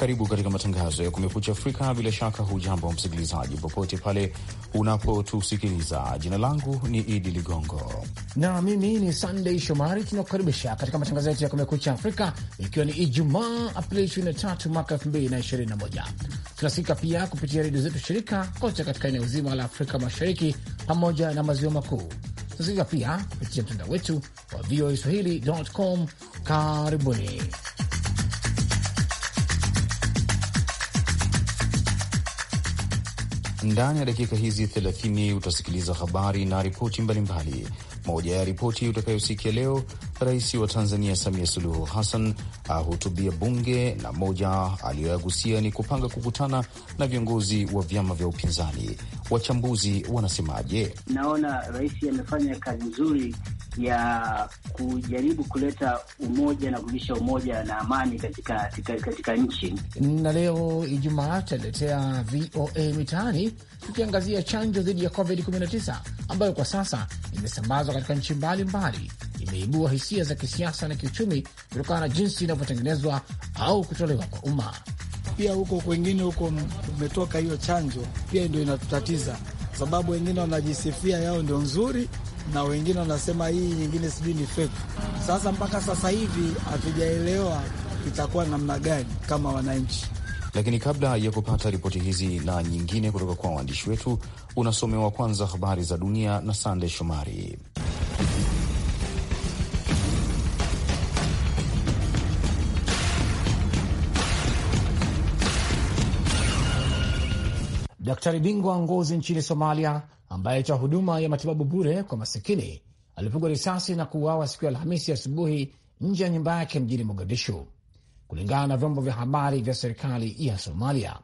Karibu katika matangazo ya Kumekucha Afrika. Bila shaka, hujambo msikilizaji, popote pale unapotusikiliza. Jina langu ni Idi Ligongo na mimi ni Sandey Shomari. Tunakukaribisha katika matangazo yetu ya Kumekucha Afrika, ikiwa ni Ijumaa Aprili 23 mwaka 2021. Tunasikika pia kupitia redio zetu shirika kote katika eneo zima la Afrika Mashariki pamoja na maziwa makuu. Tunasikika pia kupitia mtandao wetu wa VOA Swahili.com. Karibuni. Ndani ya dakika hizi 30 utasikiliza habari na ripoti mbalimbali. Moja ya ripoti utakayosikia leo, rais wa Tanzania Samia Suluhu Hassan ahutubia bunge, na moja aliyoyagusia ni kupanga kukutana na viongozi wa vyama vya upinzani. Wachambuzi wanasemaje? Naona rais amefanya kazi nzuri ya kujaribu kuleta umoja na kurudisha umoja na amani katika, katika, katika nchi. Na leo Ijumaa tutaletea VOA Mitaani tukiangazia chanjo dhidi ya COVID-19 ambayo kwa sasa imesambazwa katika nchi mbalimbali, imeibua hisia za kisiasa na kiuchumi kutokana na jinsi na yanapotengenezwa au kutolewa kwa umma. Pia huko kwengine huko umetoka hiyo chanjo pia ndio inatutatiza, sababu wengine wanajisifia yao ndio nzuri na wengine wanasema hii nyingine sijui ni feki. Sasa mpaka sasa hivi hatujaelewa itakuwa namna gani kama wananchi. Lakini kabla ya kupata ripoti hizi na nyingine kutoka kwa waandishi wetu, unasomewa kwanza habari za dunia na Sande Shomari. Daktari bingwa ngozi nchini Somalia ambaye cha huduma ya matibabu bure kwa masikini alipigwa risasi na kuuawa siku ya Alhamisi asubuhi nje ya nyumba yake mjini Mogadishu, kulingana na vyombo vya habari vya serikali ya Somalia.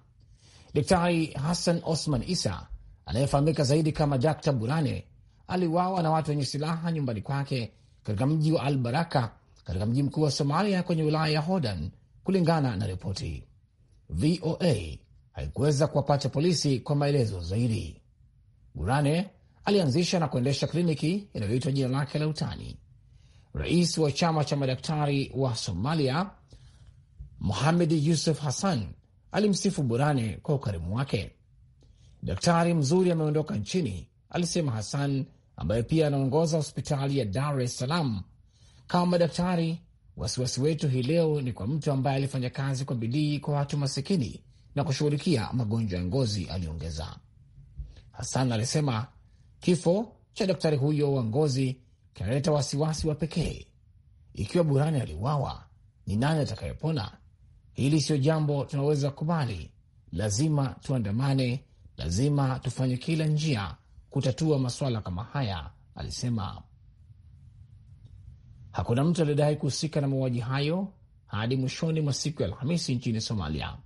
Daktari Hassan Osman Isa anayefahamika zaidi kama Dr Burane aliuawa na watu wenye silaha nyumbani kwake katika mji wa Al Baraka katika mji mkuu wa Somalia kwenye wilaya ya Hodan, kulingana na ripoti. VOA haikuweza kuwapata polisi kwa maelezo zaidi. Gurane alianzisha na kuendesha kliniki inayoitwa jina lake la utani. Rais wa chama cha madaktari wa Somalia Mohamed Yusuf Hassan alimsifu Burane kwa ukarimu wake. Daktari mzuri ameondoka nchini, alisema Hassan, ambaye pia anaongoza hospitali ya Dar es Salaam. Kama madaktari, wasiwasi wetu hii leo ni kwa mtu ambaye alifanya kazi kwa bidii kwa watu masikini na kushughulikia magonjwa ya ngozi, aliongeza. Hassan alisema kifo cha daktari huyo wa ngozi kinaleta wasiwasi wa pekee. Ikiwa Burani aliuawa, ni nani atakayepona? Hili siyo jambo tunaweza kubali. Lazima tuandamane, lazima tufanye kila njia kutatua masuala kama haya, alisema. Hakuna mtu aliyedai kuhusika na mauaji hayo hadi mwishoni mwa siku ya Alhamisi nchini Somalia.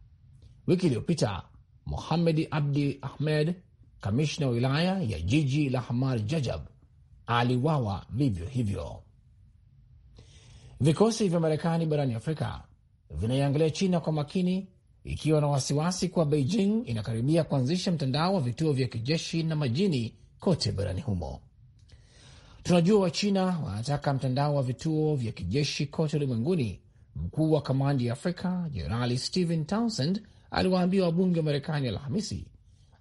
Wiki iliyopita muhamed Abdi Ahmed, kamishna wa wilaya ya jiji la Hamar Jajab, aliwawa vivyo hivyo. Vikosi vya Marekani barani Afrika vinaiangalia China kwa makini, ikiwa na wasiwasi kuwa Beijing inakaribia kuanzisha mtandao wa vituo vya kijeshi na majini kote barani humo. Tunajua Wachina wanataka mtandao wa vituo vya kijeshi kote ulimwenguni, mkuu wa kamandi ya Afrika Jenerali Stephen Townsend aliwaambia wabunge wa Marekani Alhamisi,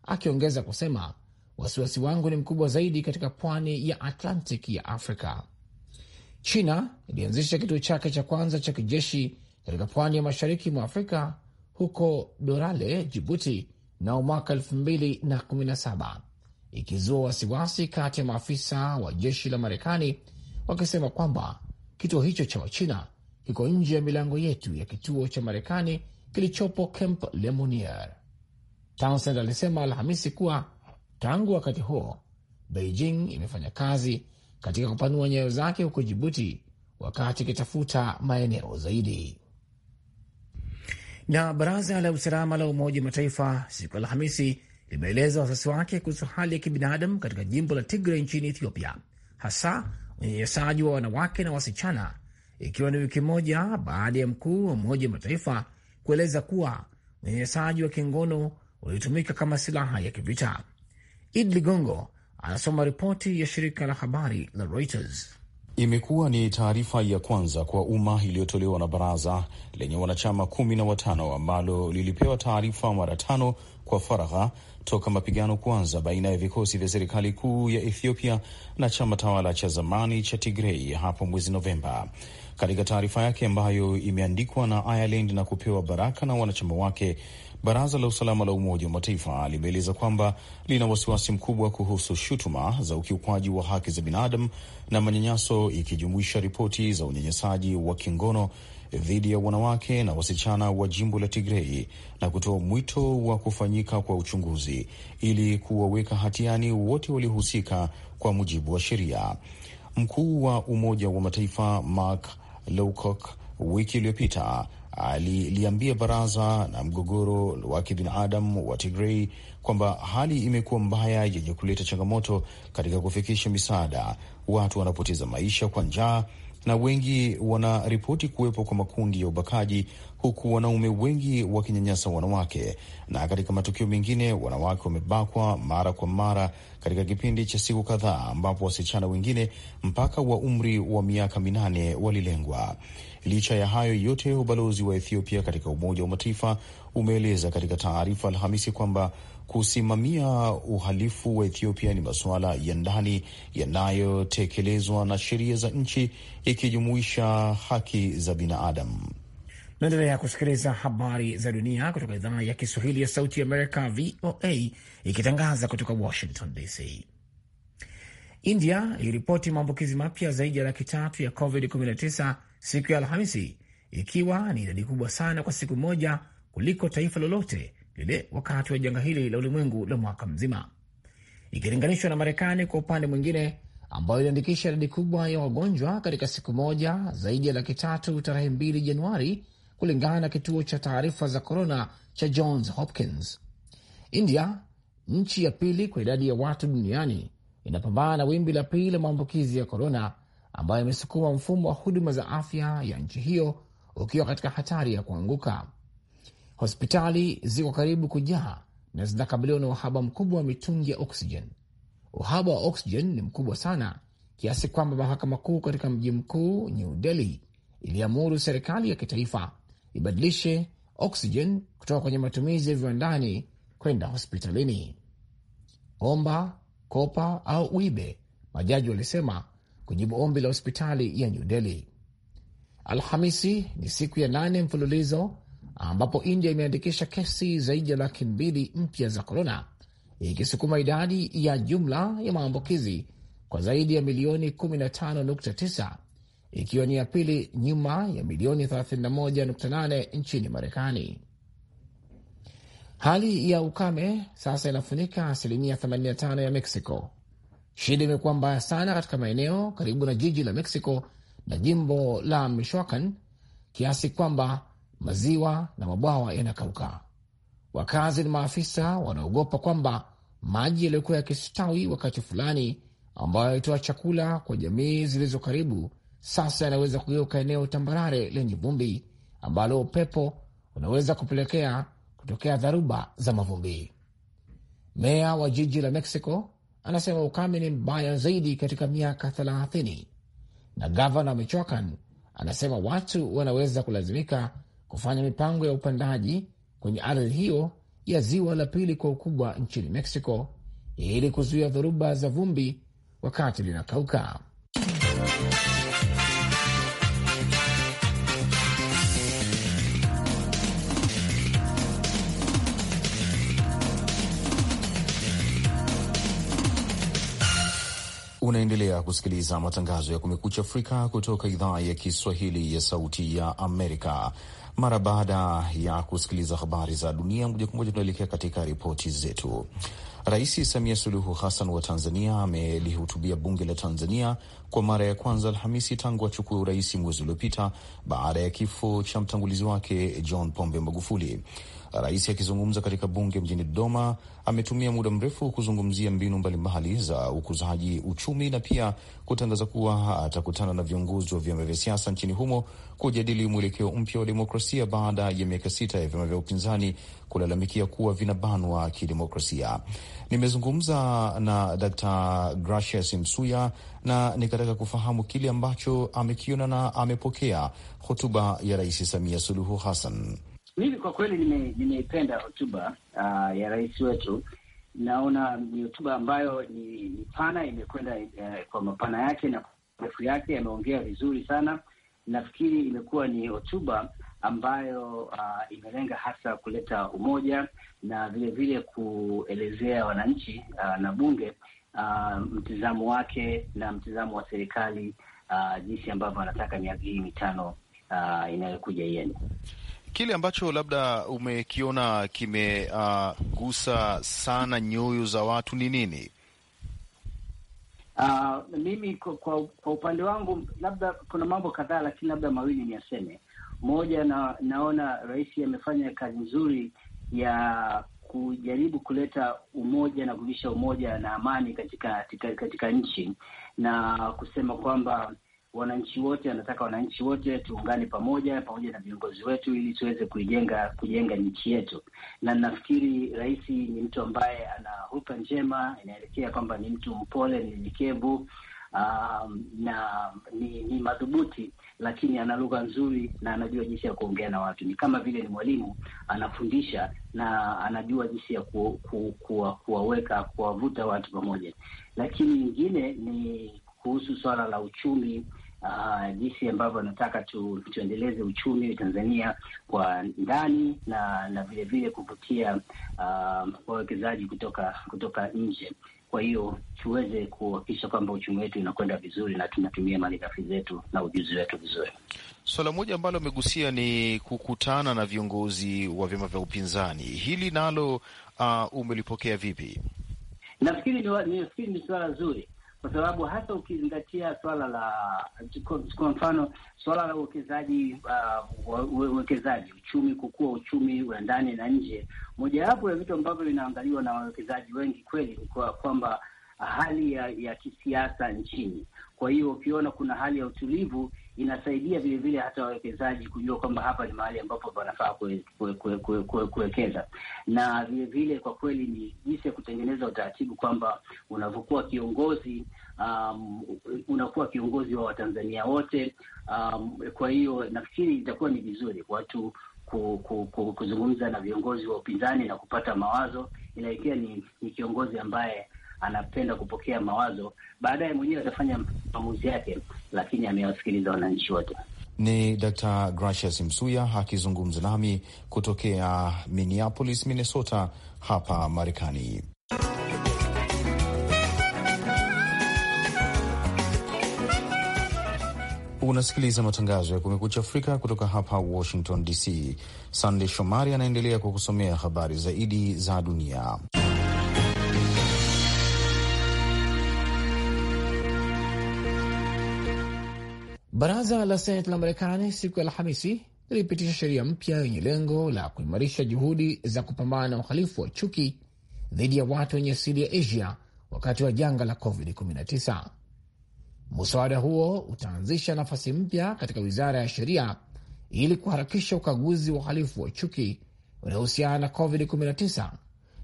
akiongeza kusema wasiwasi wangu ni mkubwa zaidi katika pwani ya Atlantic ya Afrika. China ilianzisha kituo chake cha kwanza cha kijeshi katika pwani ya mashariki mwa Afrika huko Dorale, Jibuti nao mwaka 2017 ikizua wasiwasi kati ya maafisa wa jeshi la Marekani wakisema kwamba kituo hicho cha Wachina kiko nje ya milango yetu ya kituo cha Marekani kilichopo Camp Lemunier. Townsend alisema Alhamisi kuwa tangu wakati huo Beijing imefanya kazi katika kupanua nyayo zake huko Jibuti wakati ikitafuta maeneo zaidi. Na baraza la usalama la Umoja wa Mataifa siku Alhamisi limeeleza wasiwasi wake kuhusu hali ya kibinadamu katika jimbo la Tigray nchini Ethiopia, hasa unyanyasaji wa wanawake na wasichana, ikiwa ni wiki moja baada ya mkuu wa Umoja wa Mataifa kueleza kuwa unyanyasaji wa kingono ulitumika kama silaha ya kivita. Id Ligongo anasoma ripoti ya shirika la habari la Reuters. Imekuwa ni taarifa ya kwanza kwa umma iliyotolewa na baraza lenye wanachama kumi na watano ambalo lilipewa taarifa mara tano kwa faragha toka mapigano kuanza baina ya vikosi vya serikali kuu ya Ethiopia na chama tawala cha zamani cha Tigrei hapo mwezi Novemba. Katika taarifa yake ambayo imeandikwa na Ireland na kupewa baraka na wanachama wake, Baraza la Usalama la Umoja wa Mataifa limeeleza kwamba lina wasiwasi mkubwa kuhusu shutuma za ukiukwaji wa haki za binadamu na manyanyaso, ikijumuisha ripoti za unyanyasaji wa kingono dhidi ya wanawake na wasichana wa jimbo la Tigrei na kutoa mwito wa kufanyika kwa uchunguzi ili kuwaweka hatiani wote waliohusika kwa mujibu wa sheria. Mkuu wa Umoja wa Mataifa Mark Lowcock wiki iliyopita aliliambia baraza la mgogoro wa kibinadamu wa Tigrei kwamba hali imekuwa mbaya yenye kuleta changamoto katika kufikisha misaada. Watu wanapoteza maisha kwa njaa na wengi wanaripoti kuwepo kwa makundi ya ubakaji huku wanaume wengi wakinyanyasa wanawake, na katika matukio mengine wanawake wamebakwa mara kwa mara katika kipindi cha siku kadhaa, ambapo wasichana wengine mpaka wa umri wa miaka minane walilengwa. Licha ya hayo yote, ubalozi wa Ethiopia katika Umoja wa Mataifa umeeleza katika taarifa Alhamisi kwamba kusimamia uhalifu wa Ethiopia ni masuala ya ndani yanayotekelezwa na sheria za nchi ikijumuisha haki za binadamu. Naendelea kusikiliza habari za dunia kutoka idhaa ya Kiswahili ya Sauti ya Amerika, VOA, ikitangaza kutoka Washington DC. India iliripoti maambukizi mapya zaidi ya laki tatu ya COVID-19 siku ya Alhamisi, ikiwa ni idadi kubwa sana kwa siku moja kuliko taifa lolote lile wakati wa janga hili la ulimwengu la mwaka mzima, ikilinganishwa na Marekani kwa upande mwingine, ambayo iliandikisha idadi kubwa ya wagonjwa katika siku moja zaidi ya laki tatu tarehe 2 Januari kulingana na kituo cha taarifa za korona cha Johns Hopkins. India, nchi ya pili kwa idadi ya watu duniani, inapambana na wimbi la pili la maambukizi ya korona ambayo imesukuma mfumo wa huduma za afya ya nchi hiyo ukiwa katika hatari ya kuanguka. Hospitali ziko karibu kujaa na zinakabiliwa na uhaba mkubwa wa mitungi ya oksijen. Uhaba wa oksijen ni mkubwa sana kiasi kwamba mahakama kuu katika mji mkuu New Delhi iliamuru serikali ya kitaifa ibadilishe oksijen kutoka kwenye matumizi ya viwandani kwenda hospitalini. Omba, kopa au wibe, majaji walisema kujibu ombi la hospitali ya New Delhi. Alhamisi ni siku ya nane mfululizo ambapo India imeandikisha kesi zaidi ya laki mbili mpya za korona, ikisukuma idadi ya jumla ya maambukizi kwa zaidi ya milioni 15.9 ikiwa ni ya pili nyuma ya milioni 31.8 nchini Marekani. Hali ya ukame sasa inafunika asilimia 85 ya Mexico. Shida imekuwa mbaya sana katika maeneo karibu na jiji la Mexico na jimbo la Michoacan kiasi kwamba maziwa na mabwawa yanakauka. Wakazi na maafisa wanaogopa kwamba maji yaliyokuwa yakistawi wakati fulani, ambayo yalitoa chakula kwa jamii zilizo karibu, sasa yanaweza kugeuka eneo tambarare lenye vumbi ambalo upepo unaweza kupelekea kutokea dharuba za mavumbi. Meya wa jiji la Mexico anasema ukame ni mbaya zaidi katika miaka thelathini, na gavana wa Michoacan anasema watu wanaweza kulazimika kufanya mipango ya upandaji kwenye ardhi hiyo ya ziwa la pili kwa ukubwa nchini Mexico ili kuzuia dhoruba za vumbi wakati linakauka. Unaendelea kusikiliza matangazo ya Kumekucha Afrika kutoka idhaa ya Kiswahili ya Sauti ya Amerika. Mara baada ya kusikiliza habari za dunia moja kwa moja, tunaelekea katika ripoti zetu. Rais Samia Suluhu Hassan wa Tanzania amelihutubia bunge la Tanzania kwa mara ya kwanza Alhamisi tangu achukue urais mwezi uliopita baada ya kifo cha mtangulizi wake John Pombe Magufuli. Rais akizungumza katika bunge mjini Dodoma ametumia muda mrefu kuzungumzia mbinu mbalimbali za ukuzaji uchumi na pia kutangaza kuwa atakutana na viongozi wa vyama vya siasa nchini humo kujadili mwelekeo mpya wa demokrasia baada ya miaka sita ya vyama vya upinzani kulalamikia kuwa vinabanwa kidemokrasia. Nimezungumza na Dr. Gracious Msuya na nikataka kufahamu kile ambacho amekiona na amepokea hotuba ya Rais Samia Suluhu Hassan. Mimi kwa kweli nimeipenda nime hotuba uh, ya rais wetu. Naona ni hotuba ambayo ni, ni pana, imekwenda uh, kwa mapana yake na refu yake, yameongea vizuri sana. Nafikiri imekuwa ni hotuba ambayo uh, imelenga hasa kuleta umoja na vilevile kuelezea wananchi uh, na bunge uh, mtizamo wake na mtizamo wa serikali uh, jinsi ambavyo anataka miaka hii mitano uh, inayokuja iende kile ambacho labda umekiona kimegusa uh, sana nyoyo za watu ni nini? Uh, mimi kwa, kwa, kwa upande wangu labda kuna mambo kadhaa, lakini labda mawili ni aseme Moja na, naona rais amefanya kazi nzuri ya kujaribu kuleta umoja na kurudisha umoja na amani katika katika, katika nchi na kusema kwamba wananchi wote, anataka wananchi wote tuungane pamoja pamoja na viongozi wetu ili tuweze kuijenga kujenga nchi yetu. Na nafikiri rais ni mtu ambaye ana hupa njema, inaelekea kwamba ni mtu mpole, mnyenyekevu Um, na ni, ni madhubuti lakini ana lugha nzuri na anajua jinsi ya kuongea na watu. Ni kama vile ni mwalimu anafundisha na anajua jinsi ya ku, ku, ku, kuwaweka kuwavuta watu pamoja. Lakini nyingine ni kuhusu swala la uchumi uh, jinsi ambavyo anataka tu, tuendeleze uchumi wa Tanzania kwa ndani na na vilevile kuvutia ah, wawekezaji kutoka kutoka nje. Kwa hiyo tuweze kuhakikisha kwamba uchumi wetu unakwenda vizuri na tunatumia malighafi zetu na ujuzi wetu vizuri. Swala moja ambalo amegusia ni kukutana na viongozi wa vyama vya upinzani. Hili nalo uh, umelipokea vipi? Nafikiri ni, ni, ni suala zuri kwa sababu hasa ukizingatia swala la kwa mfano swala la uwekezaji uh, uwekezaji uh, uchumi kukua uchumi wa ndani na nje, mojawapo ya vitu ambavyo vinaangaliwa na wawekezaji wengi kweli ni kwa kwamba hali ya, ya kisiasa nchini. Kwa hiyo ukiona kuna hali ya utulivu inasaidia vile vile hata wawekezaji kujua kwamba hapa ni mahali ambapo wanafaa kuwekeza, na vile vile kwa kweli ni jinsi ya kutengeneza utaratibu kwamba unavyokuwa kiongozi um, unakuwa kiongozi wa Watanzania wote um, kwa hiyo nafikiri itakuwa ni vizuri watu kuzungumza na viongozi wa upinzani na kupata mawazo, inaikia ni, ni kiongozi ambaye anapenda kupokea mawazo, baadaye mwenyewe atafanya maamuzi yake, lakini amewasikiliza wananchi wote. Ni Dr. Gracious Msuya akizungumza nami kutokea Minneapolis, Minnesota hapa Marekani. Unasikiliza matangazo ya Kumekucha Afrika kutoka hapa Washington DC. Sandey Shomari anaendelea kukusomea habari zaidi za dunia. Baraza la Seneti la Marekani siku ya Alhamisi lilipitisha sheria mpya yenye lengo la kuimarisha juhudi za kupambana na uhalifu wa chuki dhidi ya watu wenye asili ya Asia wakati wa janga la COVID-19. Muswada huo utaanzisha nafasi mpya katika wizara ya sheria ili kuharakisha ukaguzi wa uhalifu wa chuki unaohusiana na COVID-19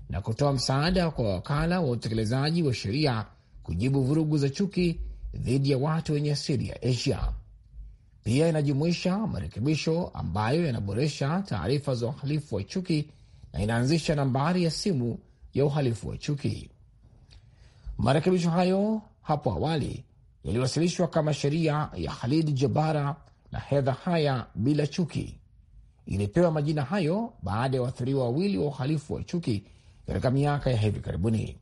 na kutoa msaada kwa wakala wa utekelezaji wa sheria kujibu vurugu za chuki dhidi ya watu wenye asili ya Asia pia inajumuisha marekebisho ambayo yanaboresha taarifa za uhalifu wa chuki na inaanzisha nambari ya simu ya uhalifu wa chuki. Marekebisho hayo hapo awali yaliwasilishwa kama sheria ya Khalid Jabara na Hedha Haya bila chuki. Ilipewa majina hayo baada ya waathiriwa wawili wa uhalifu wa chuki katika miaka ya hivi karibuni.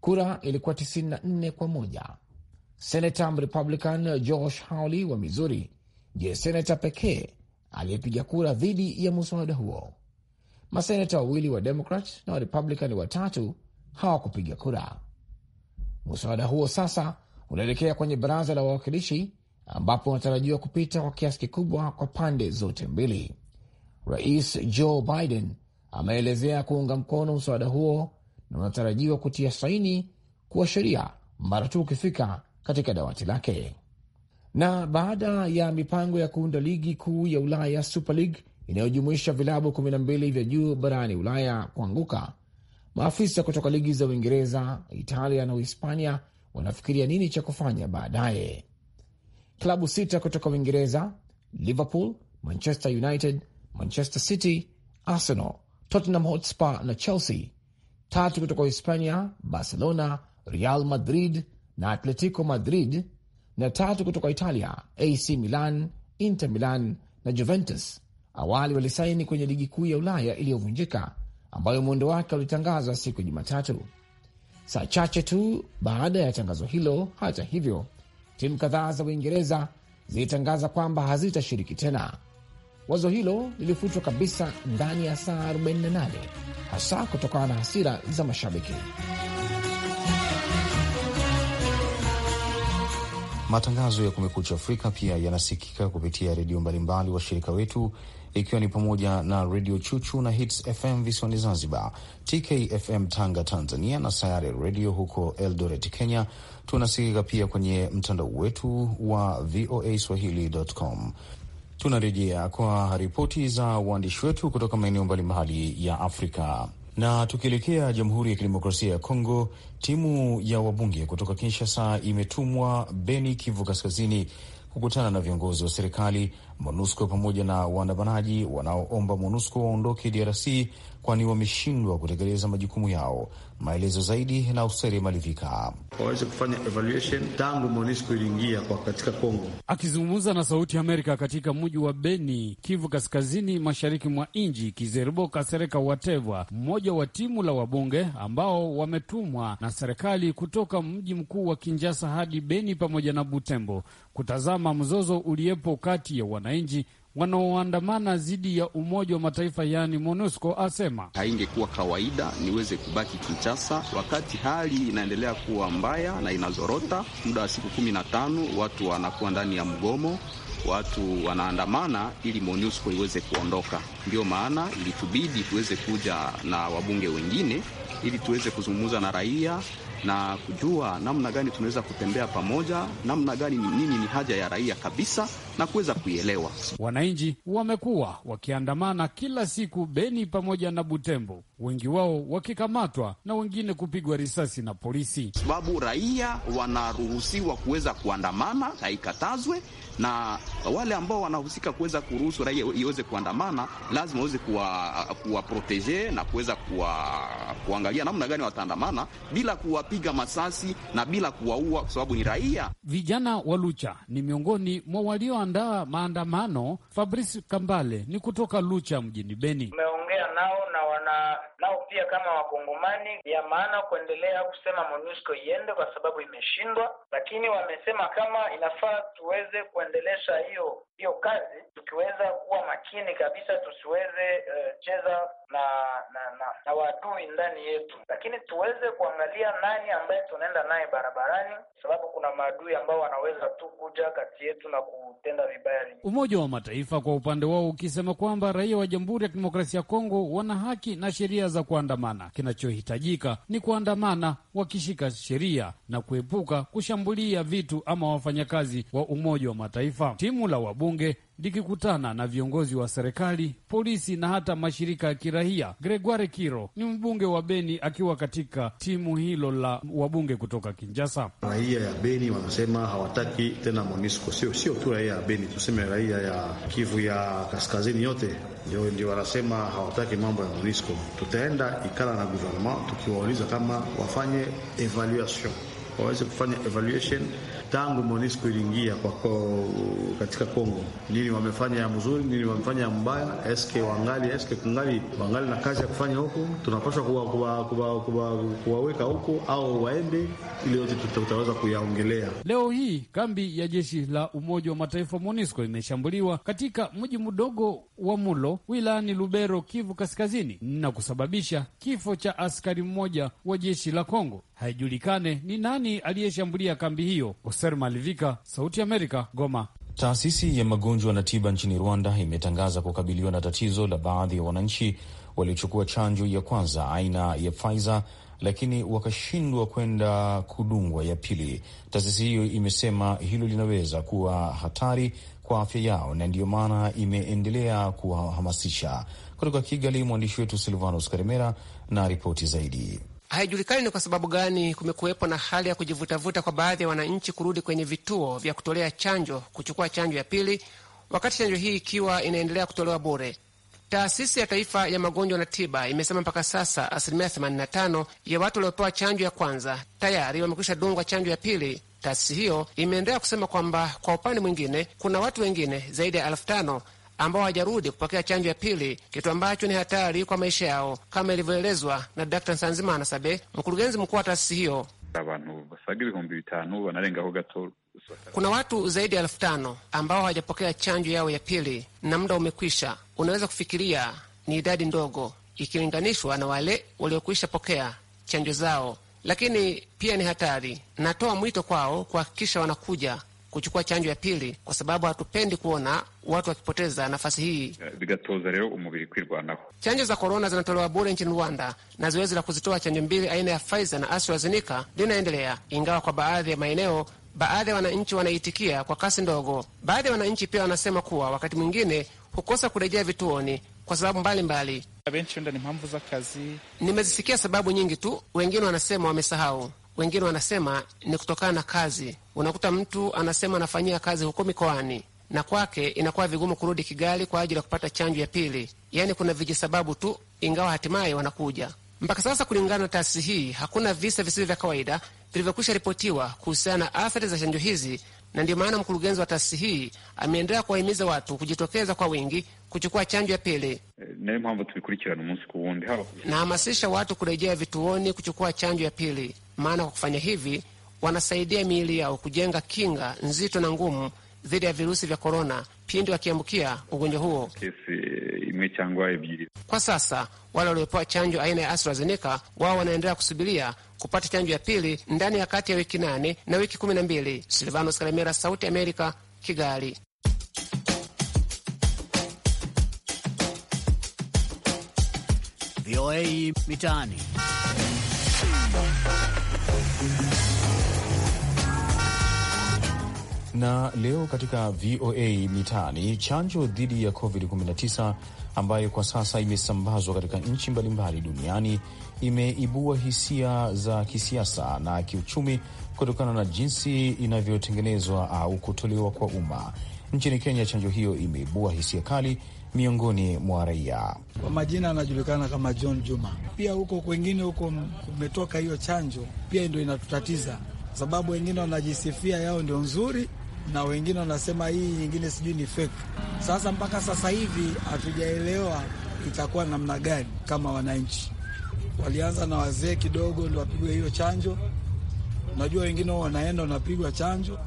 Kura ilikuwa 94 kwa moja Senata Mrepublican Josh Hawley wa Missouri ndiye senata pekee aliyepiga kura dhidi ya muswada huo. maseneta wawili wa Demokrat na Warepublican watatu hawakupiga kura. Muswada huo sasa unaelekea kwenye baraza la wawakilishi ambapo unatarajiwa kupita kwa kiasi kikubwa kwa pande zote mbili. Rais Joe Biden ameelezea kuunga mkono mswada huo na unatarajiwa kutia saini kuwa sheria mara tu ukifika katika dawati lake. Na baada ya mipango ya kuunda ligi kuu ya Ulaya Super League inayojumuisha vilabu 12 vya juu barani Ulaya kuanguka, maafisa kutoka ligi za Uingereza, Italia na Uhispania wanafikiria nini cha kufanya baadaye. Klabu sita kutoka Uingereza, Liverpool, Manchester United, Manchester City, Arsenal, Tottenham Hotspur na Chelsea, tatu kutoka Uhispania, Barcelona, Real Madrid, na Atletico Madrid na tatu kutoka Italia AC Milan, Inter Milan na Juventus. Awali walisaini kwenye ligi kuu ya Ulaya iliyovunjika ambayo muundo wake ulitangazwa siku ya Jumatatu. Saa chache tu baada ya tangazo hilo, hata hivyo, timu kadhaa za Uingereza zilitangaza kwamba hazitashiriki tena. Wazo hilo lilifutwa kabisa ndani ya saa 48 hasa kutokana na hasira za mashabiki. Matangazo ya Kumekucha Afrika pia yanasikika kupitia redio mbalimbali washirika wetu, ikiwa ni pamoja na Redio Chuchu na Hits FM visiwani Zanzibar, TKFM Tanga Tanzania, na Sayare Redio huko Eldoret, Kenya. Tunasikika pia kwenye mtandao wetu wa VOA Swahili.com. Tunarejea kwa ripoti za waandishi wetu kutoka maeneo mbalimbali ya Afrika. Na tukielekea Jamhuri ya Kidemokrasia ya Kongo, timu ya wabunge kutoka Kinshasa imetumwa Beni, Kivu Kaskazini, kukutana na viongozi wa serikali, MONUSCO pamoja na waandamanaji wanaoomba MONUSCO waondoke DRC kwani wameshindwa kutekeleza majukumu yao. Maelezo zaidi na Usere Malivika. waweze kufanya evaluation tangu MONUSCO iliingia kwa katika Kongo. Akizungumza na Sauti Amerika katika mji wa Beni, Kivu Kaskazini, mashariki mwa nji Kizerbo Kasereka Watevwa, mmoja wa timu la wabunge ambao wametumwa na serikali kutoka mji mkuu wa kinjasa hadi Beni pamoja na Butembo kutazama mzozo uliopo kati ya wananchi wanaoandamana dhidi ya Umoja wa Mataifa yaani MONUSCO asema haingekuwa kawaida niweze kubaki Kinshasa wakati hali inaendelea kuwa mbaya na inazorota. Muda wa siku kumi na tano watu wanakuwa ndani ya mgomo, watu wanaandamana ili MONUSCO iweze kuondoka. Ndiyo maana ilitubidi tuweze kuja na wabunge wengine ili tuweze kuzungumza na raia na kujua namna gani tunaweza kutembea pamoja, namna gani ni nini ni haja ya raia kabisa, na kuweza kuielewa. Wananchi wamekuwa wakiandamana kila siku Beni pamoja na Butembo, wengi wao wakikamatwa na wengine kupigwa risasi na polisi, sababu raia wanaruhusiwa kuweza kuandamana, haikatazwe na wale ambao wanahusika kuweza kuruhusu raia iweze kuandamana lazima waweze kuwa, kuwa na kuweza kuwa, kuangalia namna gani wataandamana bila kuwapiga masasi na bila kuwaua, kwa sababu ni raia. Vijana wa Lucha ni miongoni mwa walioandaa maandamano. Fabrice Kambale ni kutoka Lucha mjini Beni, umeongea nao wana nao pia kama wakongomani ya maana kuendelea kusema MONUSCO iende kwa sababu imeshindwa, lakini wamesema kama inafaa tuweze kuendelesha hiyo hiyo kazi, tukiweza kuwa makini kabisa, tusiweze uh, cheza na na, na na wadui ndani yetu, lakini tuweze kuangalia nani ambaye tunaenda naye barabarani, sababu kuna maadui ambao wanaweza tu kuja kati yetu na kutenda vibaya. Umoja wa Mataifa kwa upande wao ukisema kwamba raia wa Jamhuri ya Kidemokrasia ya Kongo wana haki na sheria za kuandamana. Kinachohitajika ni kuandamana wakishika sheria na kuepuka kushambulia vitu ama wafanyakazi wa Umoja wa Mataifa. Timu la wabu bunge likikutana na viongozi wa serikali, polisi na hata mashirika ya kiraia. Gregoire Kiro ni mbunge wa Beni akiwa katika timu hilo la wabunge kutoka Kinjasa. Raia ya Beni wanasema hawataki tena MONUSCO, sio sio tu raia ya Beni, tuseme raia ya Kivu ya kaskazini yote ndio ndio wanasema hawataki mambo ya MONUSCO. Tutaenda ikala na guvernement tukiwauliza kama wafanye evaluation waweze kufanya evaluation tangu MONUSCO iliingia kwa ko, katika Kongo, nini wamefanya ya mzuri, nini wamefanya ya mbaya? Eske wangali eske kungali wangali na kazi ya kufanya huku? Tunapaswa kuwaweka kuwa, kuwa, kuwa huku au waende, ili yote tutaweza kuyaongelea. Leo hii kambi ya jeshi la Umoja wa Mataifa MONUSCO imeshambuliwa katika mji mdogo wa Mulo wilayani Lubero, Kivu Kaskazini, na kusababisha kifo cha askari mmoja wa jeshi la Kongo. Haijulikane ni nani aliyeshambulia kambi hiyo Osa Hoser Malivika, Sauti Amerika, Goma. Taasisi ya magonjwa na tiba nchini Rwanda imetangaza kukabiliwa na tatizo la baadhi ya wananchi waliochukua chanjo ya kwanza aina ya Pfizer lakini wakashindwa kwenda kudungwa ya pili. Taasisi hiyo imesema hilo linaweza kuwa hatari kwa afya yao na ndiyo maana imeendelea kuwahamasisha. Kutoka Kigali, mwandishi wetu Silvanos Karemera na ripoti zaidi. Haijulikani ni kwa sababu gani kumekuwepo na hali ya kujivutavuta kwa baadhi ya wananchi kurudi kwenye vituo vya kutolea chanjo kuchukua chanjo ya pili, wakati chanjo hii ikiwa inaendelea kutolewa bure. Taasisi ya Taifa ya Magonjwa na Tiba imesema mpaka sasa asilimia 85 ya watu waliopewa chanjo ya kwanza tayari wamekwisha dungwa chanjo ya pili. Taasisi hiyo imeendelea kusema kwamba kwa upande mwingine kuna watu wengine zaidi ya elfu tano ambao hawajarudi kupokea chanjo ya pili, kitu ambacho ni hatari kwa maisha yao, kama ilivyoelezwa na Dr Nsanzimana Sabe, mkurugenzi mkuu wa taasisi hiyo. Kuna watu zaidi ya elfu tano ambao hawajapokea chanjo yao ya pili na muda umekwisha. Unaweza kufikiria ni idadi ndogo ikilinganishwa na wale waliokwisha pokea chanjo zao, lakini pia ni hatari. Natoa mwito kwao kuhakikisha wanakuja kuchukua chanjo ya pili, kwa sababu hatupendi kuona watu wakipoteza nafasi hii. umubiri kwirwanaho. Chanjo za korona zinatolewa bure nchini Rwanda na zoezi la kuzitoa chanjo mbili aina ya Pfizer na AstraZeneca linaendelea, ingawa kwa baadhi ya maeneo baadhi ya wananchi wanaitikia kwa kasi ndogo. Baadhi ya wananchi pia wanasema kuwa wakati mwingine hukosa kurejea vituoni kwa sababu mbalimbali. Nimezisikia sababu nyingi tu, wengine wanasema wamesahau wengine wanasema ni kutokana na kazi. Unakuta mtu anasema anafanyia kazi huko mikoani na kwake inakuwa vigumu kurudi Kigali kwa ajili ya kupata chanjo ya pili. Yaani kuna vijisababu tu, ingawa hatimaye wanakuja. Mpaka sasa, kulingana na taasisi hii, hakuna visa visivyo vya kawaida vilivyokwisha ripotiwa kuhusiana na athari za chanjo hizi, na ndiyo maana mkurugenzi wa taasisi hii ameendelea kuwahimiza watu kujitokeza kwa wingi kuchukua chanjo ya pili. Eh, Nahamasisha watu kurejea vituoni kuchukua chanjo ya pili maana kwa kufanya hivi wanasaidia miili yao kujenga kinga nzito na ngumu dhidi ya virusi vya korona pindi wakiambukia ugonjwa huo. Eh, kwa sasa wale waliopewa chanjo aina ya AstraZeneca wao wanaendelea kusubiria kupata chanjo ya pili ndani ya kati ya wiki nane na wiki kumi na mbili. Silvanos Kalemera, Sauti Amerika, Kigali. VOA Mitaani. na leo katika VOA Mitaani, chanjo dhidi ya COVID-19 ambayo kwa sasa imesambazwa katika nchi mbalimbali duniani imeibua hisia za kisiasa na kiuchumi kutokana na jinsi inavyotengenezwa au kutolewa kwa umma. Nchini Kenya, chanjo hiyo imeibua hisia kali miongoni mwa raia. Kwa majina anajulikana kama John Juma. Pia huko kwengine huko kumetoka hiyo chanjo, pia ndio inatutatiza sababu wengine wanajisifia yao ndio nzuri, na wengine wanasema hii nyingine sijui ni fake. Sasa mpaka sasa hivi hatujaelewa itakuwa namna gani. Kama wananchi walianza na wazee kidogo, ndio wapigwe hiyo chanjo. Unajua wengine wanaenda wanapigwa chanjo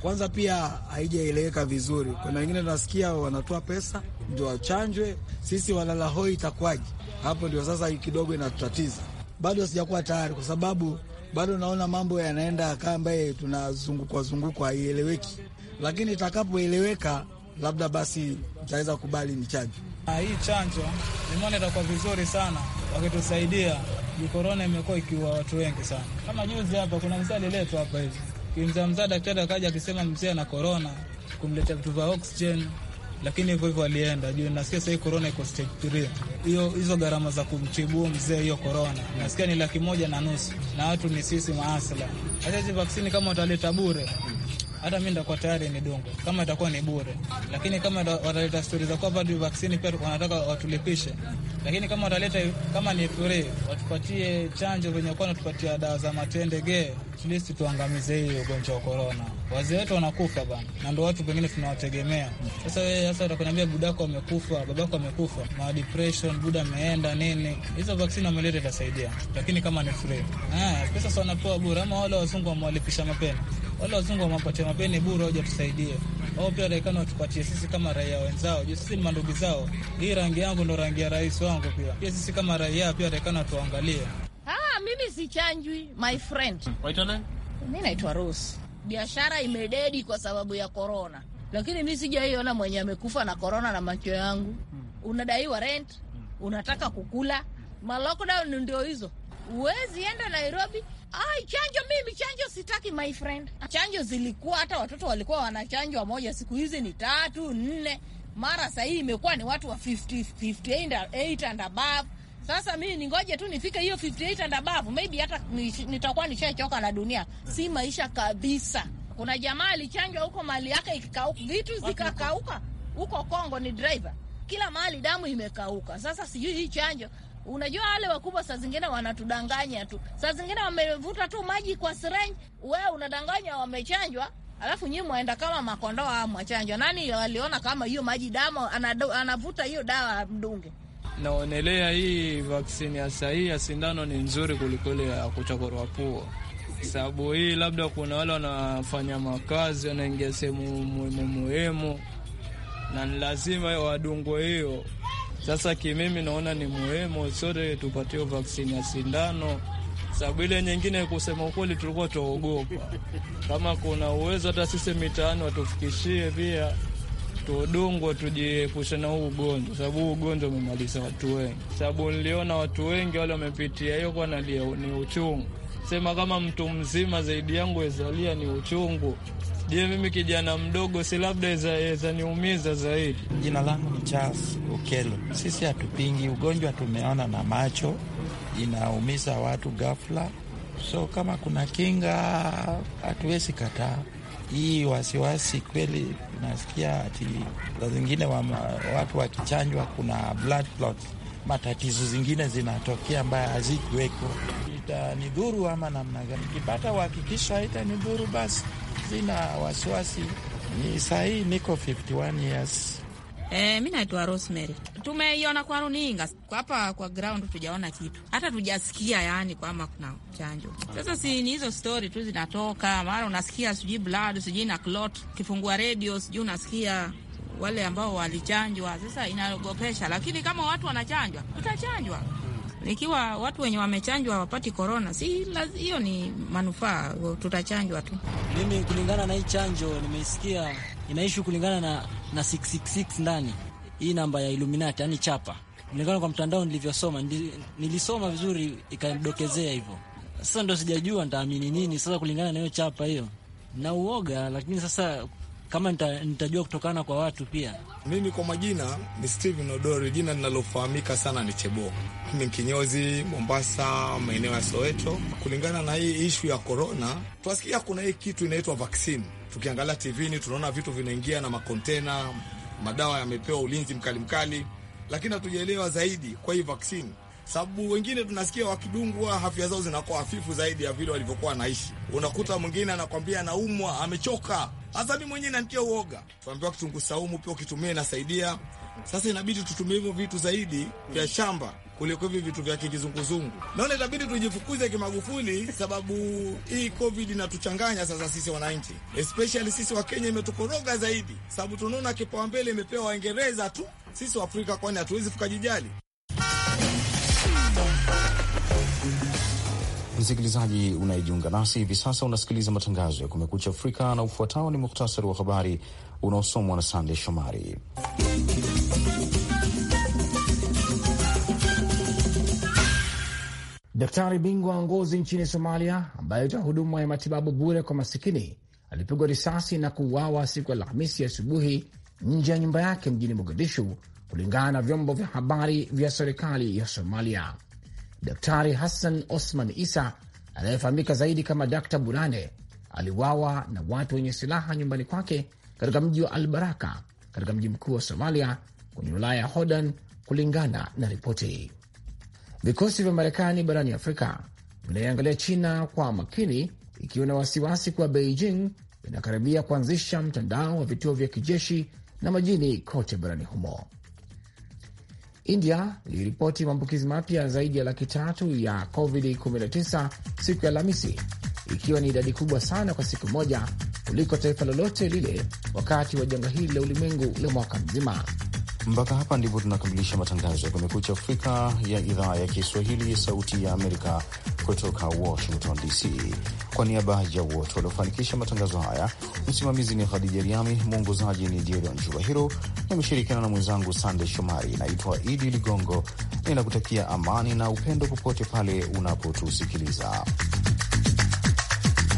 kwanza, pia haijaeleweka vizuri. Kuna wengine nasikia wanatoa pesa ndio wachanjwe, sisi walala hoi itakuwaje hapo? Ndio sasa kidogo inatutatiza, bado sijakuwa tayari kwa sababu bado naona mambo yanaenda kaa ambaye tunazungukwa zungukwa, haieleweki, lakini itakapoeleweka labda basi mtaweza kubali ni chanjo ah, hii. Chanjo nimeona itakuwa vizuri sana wakitusaidia juu korona imekuwa ikiua watu wengi sana. Kama juzi hapa kuna mzee aliletwa hapa hivi kimzamzaa, daktari akaja akisema mzee ana korona, kumletea vitu vya oksijeni lakini hivyo hivyo alienda juu. Nasikia sahii korona iko stage three, hiyo hizo gharama za kumtibua mzee hiyo korona nasikia ni laki moja na nusu, na watu ni sisi maasla. Hata hizi vaksini kama wataleta bure hata mi nitakuwa tayari ni dungo kama itakuwa ni bure, lakini kama wataleta stori za kuwa bado vaksini pia wanataka watulipishe, lakini kama wataleta kama ni free, watupatie chanjo venye kuwa natupatia dawa za matende, tulisi tuangamize hii ugonjwa wa korona wazee wetu wanakufa bana, na ndo watu pengine tunawategemea. Sasa wewe hasa utakwambia budako amekufa, babako amekufa, ma depression buda ameenda nini, hizo vaksini wa itasaidia, lakini kama ni free ah, pesa sana wanapewa bure, ama wale wazungu wamewalipisha mapema wale wazungu wamewapatia mapeni bure, waje tusaidie au pia. Raikani watupatie sisi kama raia wenzao, juu sisi ni mandugu zao. Hii rangi yangu ndo rangi ya rais wangu pia, pia sisi kama raia pia raikani watuangalie. Ah, mimi sichanjwi my friend. Waitwa nani? Mi naitwa Rose biashara imededi kwa sababu ya korona, lakini mi sijaiona mwenye amekufa na korona na macho yangu. Hmm. Unadaiwa rent, hmm. unataka kukula, ma lockdown ndio hizo. Uwezi enda Nairobi. Ai, chanjo mimi chanjo sitaki my friend. Chanjo zilikuwa hata watoto walikuwa wanachanjwa moja, siku hizi ni tatu nne, mara sahii imekuwa ni watu wa 50, 58 and above sasa mimi ningoje tu nifike hiyo 58 and above, maybe hata nitakuwa nishachoka na dunia. Si maisha kabisa. Kuna jamaa alichanjwa huko mali yake ikikauka, vitu zikakauka huko Kongo, ni driver, kila mahali damu imekauka. Sasa sijui hii chanjo Unajua, wale wakubwa saa zingine wanatudanganya tu, saa zingine wamevuta tu maji kwa sirenji, wewe unadanganya wamechanjwa, alafu nyinyi mwaenda kama makondoa mwachanjwa. Nani waliona kama hiyo maji damu anavuta hiyo dawa mdunge naonelea hii vaksini ya sahii ya sindano ni nzuri kuliko ile ya kuchokorwa pua, sababu hii labda kuna wale wanafanya makazi, wanaingia sehemu muhimu muhimu, na ni lazima wadungwe hiyo. Sasa kimimi naona ni muhimu sote tupatie vaksini ya sindano sababu ile nyingine kusema ukweli tulikuwa tuogopa, kama kuna uwezo hata sisi mitaani watufikishie pia tudungwe, tujiepushe na huu ugonjwa, sababu huu ugonjwa umemaliza watu wengi. Sababu niliona watu wengi wale wamepitia hiyo, kwa nalia ni uchungu, sema kama mtu mzima zaidi yangu ezalia ni uchungu Je, mimi kijana mdogo si labda eza niumiza zaidi? Jina langu ni Charles Ukelo. Sisi hatupingi ugonjwa, tumeona na macho inaumiza watu ghafla, so kama kuna kinga hatuwezi kataa hii wasiwasi kweli nasikia ati za zingine wa watu wakichanjwa kuna blood clot, matatizo zingine zinatokea ambayo hazikuweko. Itanidhuru ama namna gani? Nikipata uhakikisho haitanidhuru, basi sina wasiwasi. Ni sahii niko 51 years Eh, mimi naitwa Rosemary. Tumeiona kwa runinga. Kwa hapa kwa ground tujaona kitu. Hata tujasikia yani kwama kuna chanjo. Sasa si ni hizo story tu zinatoka, mara unasikia sijui blood, sijui na clot, kifungua radio, sijui unasikia wale ambao walichanjwa. Sasa inaogopesha, lakini kama watu wanachanjwa, tutachanjwa. Ikiwa watu wenye wamechanjwa hawapati korona, si hiyo ni manufaa, tutachanjwa tu. Mimi kulingana na hii chanjo nimeisikia inaishu kulingana na, na 666 ndani hii namba ya Illuminati, yani chapa, kulingana kwa mtandao nilivyosoma, nilisoma vizuri ikadokezea hivyo. Sasa ndo sijajua nitaamini nini sasa kulingana na hiyo chapa hiyo na uoga, lakini sasa kama nita, nitajua kutokana kwa watu pia. Mimi kwa majina ni Steven Odori, jina linalofahamika sana ni Chebo. Mimi kinyozi Mombasa, maeneo ya Soweto. Kulingana na hii ishu ya korona, twasikia kuna hii kitu inaitwa vaksini. Tukiangalia TV ni tunaona vitu vinaingia na makontena, madawa yamepewa ulinzi mkali mkali, lakini hatujaelewa zaidi kwa hii vaksini sababu wengine tunasikia wakidungwa afya zao zinakuwa hafifu zaidi ya vile walivyokuwa naishi. Unakuta mwingine anakwambia anaumwa, amechoka sasa mimi mwenyewe nantia uoga, tuambiwa kitunguu saumu pia ukitumia inasaidia. Sasa inabidi tutumie hivyo vitu zaidi vya shamba kuliko hivi vitu vya kizunguzungu. Naona itabidi tujifukuze kimagufuli, sababu hii COVID inatuchanganya sasa sisi wananchi, especially sisi wa Kenya, imetukoroga zaidi, sababu tunaona kipaumbele imepewa Waingereza tu. Sisi Afrika kwani hatuwezi tukajijali? Msikilizaji unayejiunga nasi hivi sasa, unasikiliza matangazo ya Kumekucha Afrika na ufuatao ni muhtasari wa habari unaosomwa na Sande Shomari. Daktari bingwa wa ngozi nchini Somalia ambaye alitoa huduma ya matibabu bure kwa masikini alipigwa risasi na kuuawa siku Alhamisi asubuhi nje ya nyumba yake mjini Mogadishu, kulingana na vyombo vya habari vya serikali ya Somalia. Daktari Hassan Osman Isa anayefahamika zaidi kama Dkt Burane aliwawa na watu wenye silaha nyumbani kwake katika mji wa Albaraka katika mji mkuu wa Somalia kwenye wilaya ya Hodan, kulingana na ripoti hii. Vikosi vya Marekani barani Afrika vinaiangalia China kwa makini, ikiwa na wasiwasi kuwa Beijing inakaribia kuanzisha mtandao wa vituo vya kijeshi na majini kote barani humo. India iliripoti maambukizi mapya zaidi ya laki tatu ya COVID-19 siku ya Alhamisi, ikiwa ni idadi kubwa sana kwa siku moja kuliko taifa lolote lile wakati wa janga hili la ulimwengu la mwaka mzima. Mpaka hapa ndipo tunakamilisha matangazo ya Kumekucha Afrika ya idhaa ya Kiswahili ya Sauti ya Amerika kutoka Washington DC. Kwa niaba ya wote waliofanikisha matangazo haya, msimamizi ni Khadija Riami, mwongozaji ni Diodon Chubahiro. Nimeshirikiana na mwenzangu Sande Shomari. Naitwa Idi Ligongo, ninakutakia amani na upendo popote pale unapotusikiliza.